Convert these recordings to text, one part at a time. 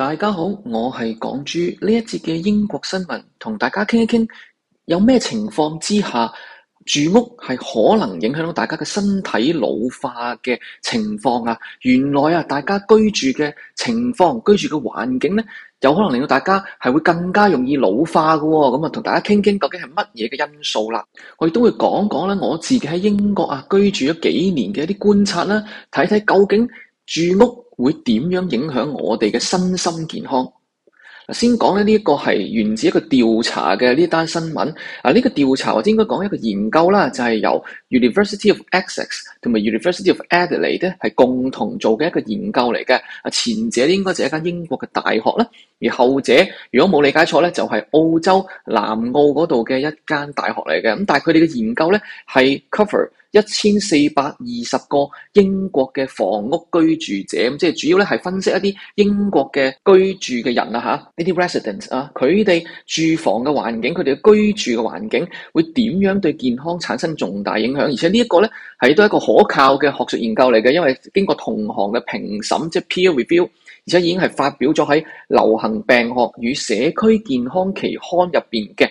大家好，我係港豬呢一節嘅英國新聞，同大家傾一傾，有咩情況之下住屋係可能影響到大家嘅身體老化嘅情況啊？原來啊，大家居住嘅情況、居住嘅環境咧，有可能令到大家係會更加容易老化嘅、哦。咁啊，同大家傾一傾，究竟係乜嘢嘅因素啦？我亦都會講一講咧，我自己喺英國啊居住咗幾年嘅一啲觀察啦、啊，睇睇究竟住屋。會點樣影響我哋嘅身心健康？嗱，先講咧，呢一個係源自一個調查嘅呢單新聞。嗱、啊，呢、呢個調查或者應該講一個研究啦，就係、是、由 University of Essex 同埋 University of Adelaide 係共同做嘅一個研究嚟嘅。啊，前者應該就係一間英國嘅大學啦。而後者，如果冇理解錯咧，就係澳洲南澳度嘅一間大學嚟嘅。咁但係佢哋嘅研究咧係 cover 一千四百二十個英國嘅房屋居住者，咁即係主要咧係分析一啲英國嘅居住嘅人啊，吓呢啲 residents 啊，佢哋住房嘅環境，佢哋嘅居住嘅環境會點樣對健康產生重大影響，而且呢一個咧係都係一個可靠嘅學術研究嚟嘅，因為經過同行嘅評審，即係 peer review，而且已經係發表咗喺流行病學與社區健康期刊入邊嘅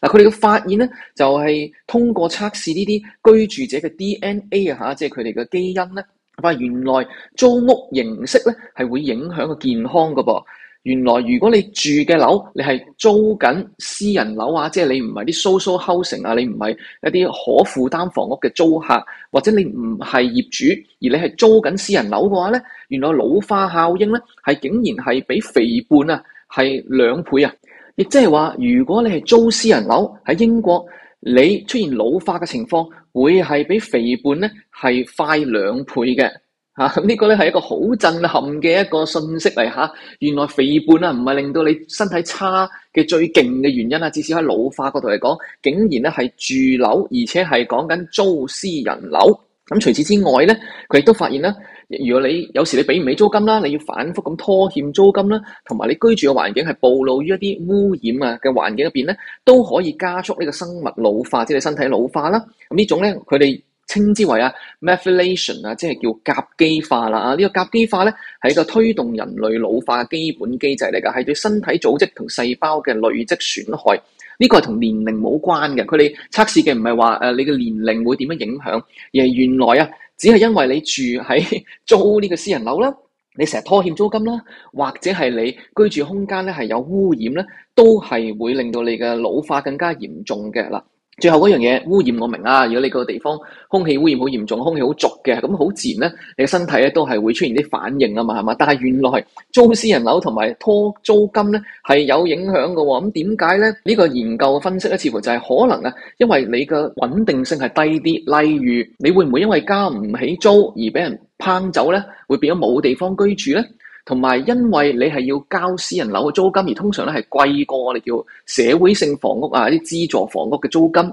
嗱，佢哋嘅發現咧，就係、是、通過測試呢啲居住者嘅 DNA 啊，吓，即係佢哋嘅基因咧，發現原來租屋形式咧係會影響個健康噶噃。原來如果你住嘅樓，你係租緊私人樓啊，即係你唔係啲 social housing 啊，你唔係一啲可負擔房屋嘅租客，或者你唔係業主，而你係租緊私人樓嘅話咧，原來老化效應咧係竟然係比肥胖啊係兩倍啊！亦即係話，如果你係租私人樓喺英國，你出現老化嘅情況，會係比肥胖咧係快兩倍嘅。嚇！呢、啊這個咧係一個好震撼嘅一個信息嚟嚇、啊，原來肥胖啊唔係令到你身體差嘅最勁嘅原因啊，至少喺老化角度嚟講，竟然咧係住樓，而且係講緊租私人樓。咁、啊、除此之外咧，佢亦都發現咧，如果你有時你俾唔起租金啦，你要反覆咁拖欠租金啦，同埋你居住嘅環境係暴露於一啲污染啊嘅環境入邊咧，都可以加速呢個生物老化，即係身體老化啦。咁、啊、呢種咧，佢哋。稱之為啊 methylation 啊，即係叫甲基化啦啊！呢個甲基化咧係一個推動人類老化嘅基本機制嚟㗎，係對身體組織同細胞嘅累積損害。呢個係同年齡冇關嘅，佢哋測試嘅唔係話誒你嘅年齡會點樣影響，而係原來啊，只係因為你住喺租呢個私人樓啦，你成日拖欠租金啦，或者係你居住空間咧係有污染咧，都係會令到你嘅老化更加嚴重嘅啦。最後嗰樣嘢污染我明啊！如果你個地方空氣污染好嚴重，空氣好濁嘅，咁好自然咧，你嘅身體咧都係會出現啲反應啊嘛，係嘛？但係原來租私人樓同埋拖租金咧係有影響嘅喎。咁點解咧？呢、這個研究嘅分析咧，似乎就係可能啊，因為你嘅穩定性係低啲。例如，你會唔會因為交唔起租而俾人拋走咧？會變咗冇地方居住咧？同埋，因為你係要交私人樓嘅租金，而通常咧係貴過我哋叫社會性房屋啊、啲資助房屋嘅租金，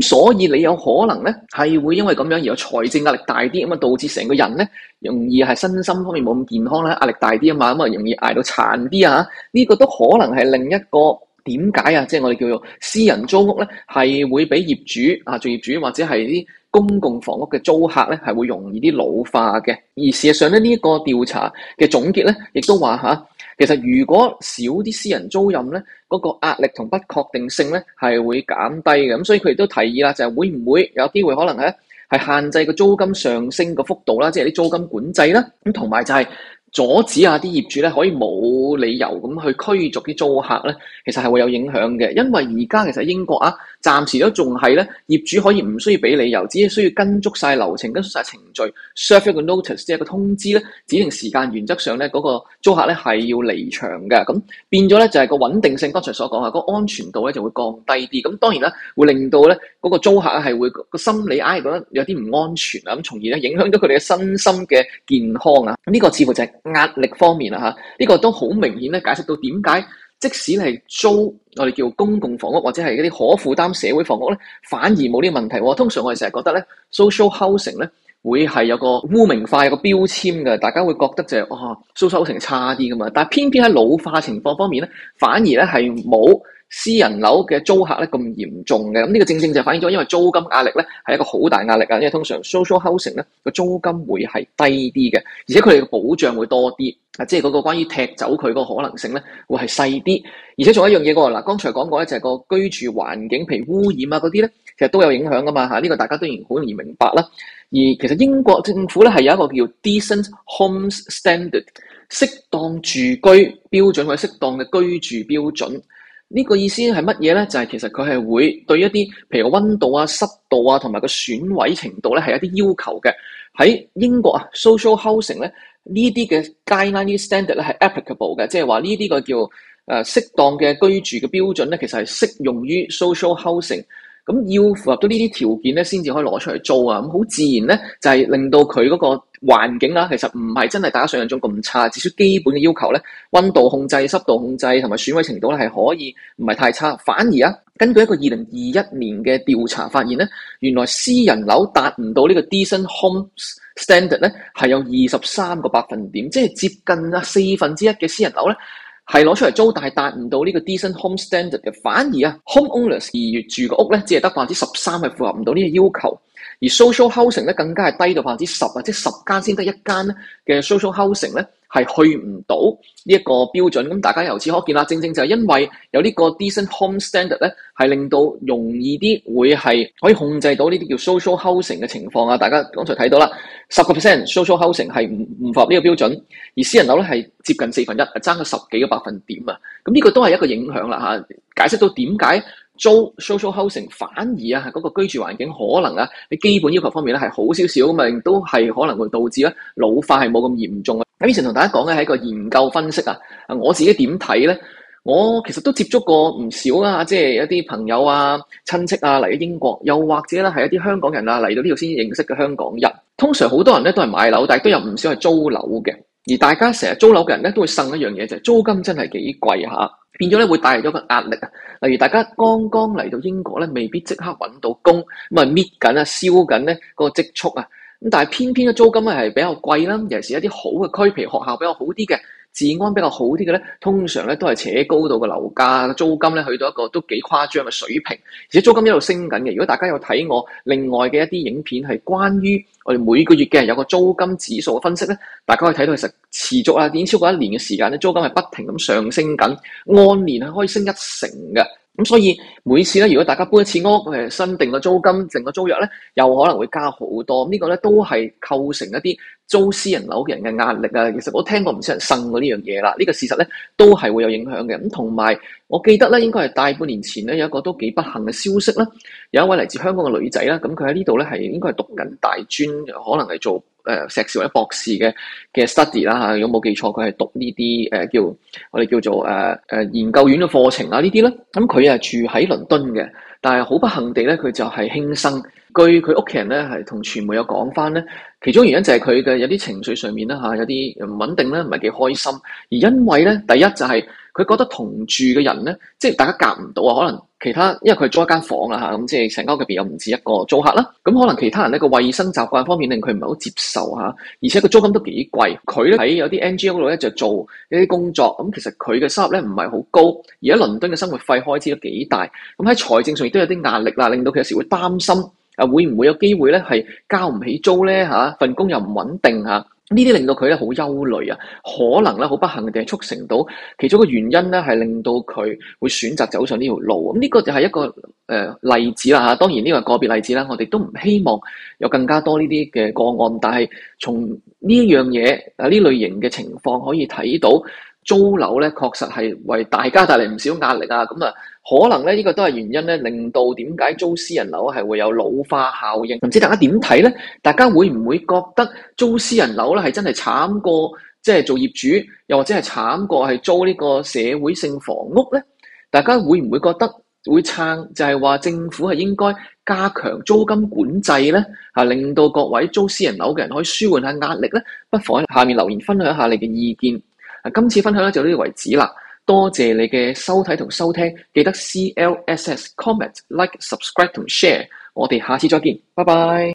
咁所以你有可能咧係會因為咁樣而有財政壓力大啲，咁啊導致成個人咧容易係身心方面冇咁健康咧，壓力大啲啊嘛，咁啊容易捱到殘啲啊，呢個都可能係另一個。點解啊？即係、就是、我哋叫做私人租屋咧，係會俾業主啊，做業主或者係啲公共房屋嘅租客咧，係會容易啲老化嘅。而事實上咧，呢、這、一個調查嘅總結咧，亦都話吓，其實如果少啲私人租賃咧，嗰、那個壓力同不確定性咧係會減低嘅。咁所以佢亦都提議啦，就係、是、會唔會有機會可能咧係限制個租金上升個幅度啦，即係啲租金管制啦。咁同埋就係、是。阻止下啲業主咧，可以冇理由咁去驅逐啲租客咧，其實係會有影響嘅。因為而家其實英國啊，暫時都仲係咧，業主可以唔需要俾理由，只係需要跟足晒流程、跟足晒程序 serve 一個 notice 即係一個通知咧，指定時間原則上咧嗰、嗰個租客咧係要離場嘅。咁變咗咧就係個穩定性，剛才所講啊，嗰個安全度咧就會降低啲。咁當然啦，會令到咧嗰個租客係會、嗰個心理，硬係覺得有啲唔安全啊，咁從而咧影響到佢哋嘅身心嘅健康啊。呢個似乎就係。壓力方面啦嚇，呢個都好明顯咧，解釋到點解即使係租我哋叫公共房屋或者係一啲可負擔社會房屋咧，反而冇呢個問題，哦。通常我哋成日覺得咧，social housing 咧會係有個污名化、有個標籤嘅，大家會覺得就係、是、哦，social housing 差啲噶嘛。但係偏偏喺老化情況方面咧，反而咧係冇，私人樓嘅租客咧咁嚴重嘅，咁、這、呢個正正就反映咗，因為租金壓力咧係一個好大壓力啊，因為通常 social housing 咧個租金會係低啲嘅，而且佢哋嘅保障會多啲，啊，即係嗰個關於踢走佢嗰個可能性咧會係細啲，而且仲有一樣嘢嘅喎，嗱，剛才講過咧就係、是、個居住環境，譬如污染啊嗰啲咧，其實都有影響噶嘛吓，呢、這個大家都好容易明白啦。而其實英國政府咧係有一個叫 decent homes standard，適當住居標準或者適當嘅居住標準。呢個意思係乜嘢咧？就係、是、其實佢係會對一啲譬如温度啊、濕度啊，同埋個損毀程度咧，係一啲要求嘅。喺英國啊，social housing 咧呢啲嘅 guideline standard 咧係 applicable 嘅，即係話呢啲個叫誒呃、適當嘅居住嘅標準咧，其實係適用於 social housing。咁要符合到呢啲條件咧，先至可以攞出嚟租啊！咁好自然咧，就係令到佢嗰個環境啊，其實唔係真係大家想象中咁差。至少基本嘅要求咧，温度控制、濕度控制同埋損毀程度咧，係可以唔係太差。反而啊，根據一個二零二一年嘅調查發現咧，原來私人樓達唔到呢個 Decent Homes Standard 咧，係有二十三個百分點，即係接近啊四分之一嘅私人樓咧，係攞出嚟租，但係達唔到呢個 decent home standard 嘅，反而啊，home owners 而家住個屋呢，只係得百分之十三係符合唔到呢個要求，而 social housing 呢，更加係低到百分之十或者十間先得一間嘅 social housing 呢。係去唔到呢一個標準，咁大家由此可見啦。正正就係因為有呢個 Decent Home Standard 咧，係令到容易啲會係可以控制到呢啲叫 social housing 嘅情況啊。大家剛才睇到啦，十個 percent social housing 係唔唔符合呢個標準，而私人樓咧係接近四分一，係爭咗十幾個百分點啊。咁呢個都係一個影響啦嚇，解釋到點解。租 social housing 反而啊，係嗰個居住環境可能啊，喺基本要求方面咧，係好少少咁啊，都係可能會導致咧老化係冇咁嚴重。啊。咁以前同大家講嘅，係一個研究分析啊，我自己點睇咧？我其實都接觸過唔少啊，即係一啲朋友啊、親戚啊嚟咗英國，又或者咧係一啲香港人啊嚟到呢度先認識嘅香港人。通常好多人咧都係買樓，但係都有唔少係租樓嘅。而大家成日租樓嘅人咧都會呻一樣嘢，就係租金真係幾貴吓。變咗咧，會帶嚟咗個壓力啊！例如大家剛剛嚟到英國咧，未必即刻搵到工，咁啊搣緊啊燒緊咧嗰個積蓄啊！咁但係偏偏嘅租金咧係比較貴啦，尤其是一啲好嘅區，譬如學校比較好啲嘅。治安比較好啲嘅咧，通常咧都係扯高度嘅樓價、租金咧去到一個都幾誇張嘅水平，而且租金一路升緊嘅。如果大家有睇我另外嘅一啲影片，係關於我哋每個月嘅人有個租金指數嘅分析咧，大家可以睇到其實持續啊，已經超過一年嘅時間咧，租金係不停咁上升緊，按年係可以升一成嘅。咁所以每次咧，如果大家搬一次屋，誒，新定嘅租金定嘅租約咧，又可能會加好多。咁呢個咧都係構成一啲租私人樓嘅人嘅壓力啊。其實我聽過唔少人呻過呢樣嘢啦。呢個事實咧都係會有影響嘅。咁同埋我記得咧，應該係大半年前咧有一個都幾不幸嘅消息啦。有一位嚟自香港嘅女仔啦，咁佢喺呢度咧係應該係讀緊大專，可能係做。誒碩士或者博士嘅嘅 study 啦、啊、嚇，如果冇記錯，佢係讀呢啲誒叫我哋叫做誒誒、呃呃、研究院嘅課程啊。呢啲咧，咁佢係住喺倫敦嘅，但係好不幸地咧，佢就係輕生。據佢屋企人咧係同傳媒有講翻咧，其中原因就係佢嘅有啲情緒上面啦嚇、啊，有啲唔穩定咧，唔係幾開心，而因為咧第一就係、是。佢覺得同住嘅人呢，即係大家夾唔到啊！可能其他因為佢租一間房啊嚇，咁即係成間屋入邊又唔止一個租客啦。咁、啊、可能其他人呢個衞生習慣方面令佢唔係好接受嚇、啊，而且個租金都幾貴。佢喺有啲 NGO 度咧就做一啲工作，咁、啊、其實佢嘅收入 l 咧唔係好高，而喺倫敦嘅生活費開支都幾大。咁喺財政上亦都有啲壓力啦、啊，令到佢有時會擔心啊，會唔會有機會咧係交唔起租咧嚇、啊？份工又唔穩定嚇。啊。呢啲令到佢咧好憂慮啊，可能咧好不幸嘅促成到其中一個原因咧，係令到佢會選擇走上呢條路。咁、這、呢個就係一個誒、呃、例子啦吓。當然呢個係個別例子啦，我哋都唔希望有更加多呢啲嘅個案。但係從呢一樣嘢啊，呢類型嘅情況可以睇到。租樓咧，確實係為大家帶嚟唔少壓力啊！咁啊，可能咧呢個都係原因咧，令到點解租私人樓係會有老化效應？唔知大家點睇咧？大家會唔會覺得租私人樓咧係真係慘過，即係做業主，又或者係慘過係租呢個社會性房屋咧？大家會唔會覺得會撐？就係話政府係應該加強租金管制咧，啊，令到各位租私人樓嘅人可以舒緩下壓力咧。不妨喺下面留言分享下你嘅意見。今次分享就到呢度為止啦！多謝你嘅收睇同收聽，記得 CLSS comment like subscribe 同 share，我哋下次再見，拜拜。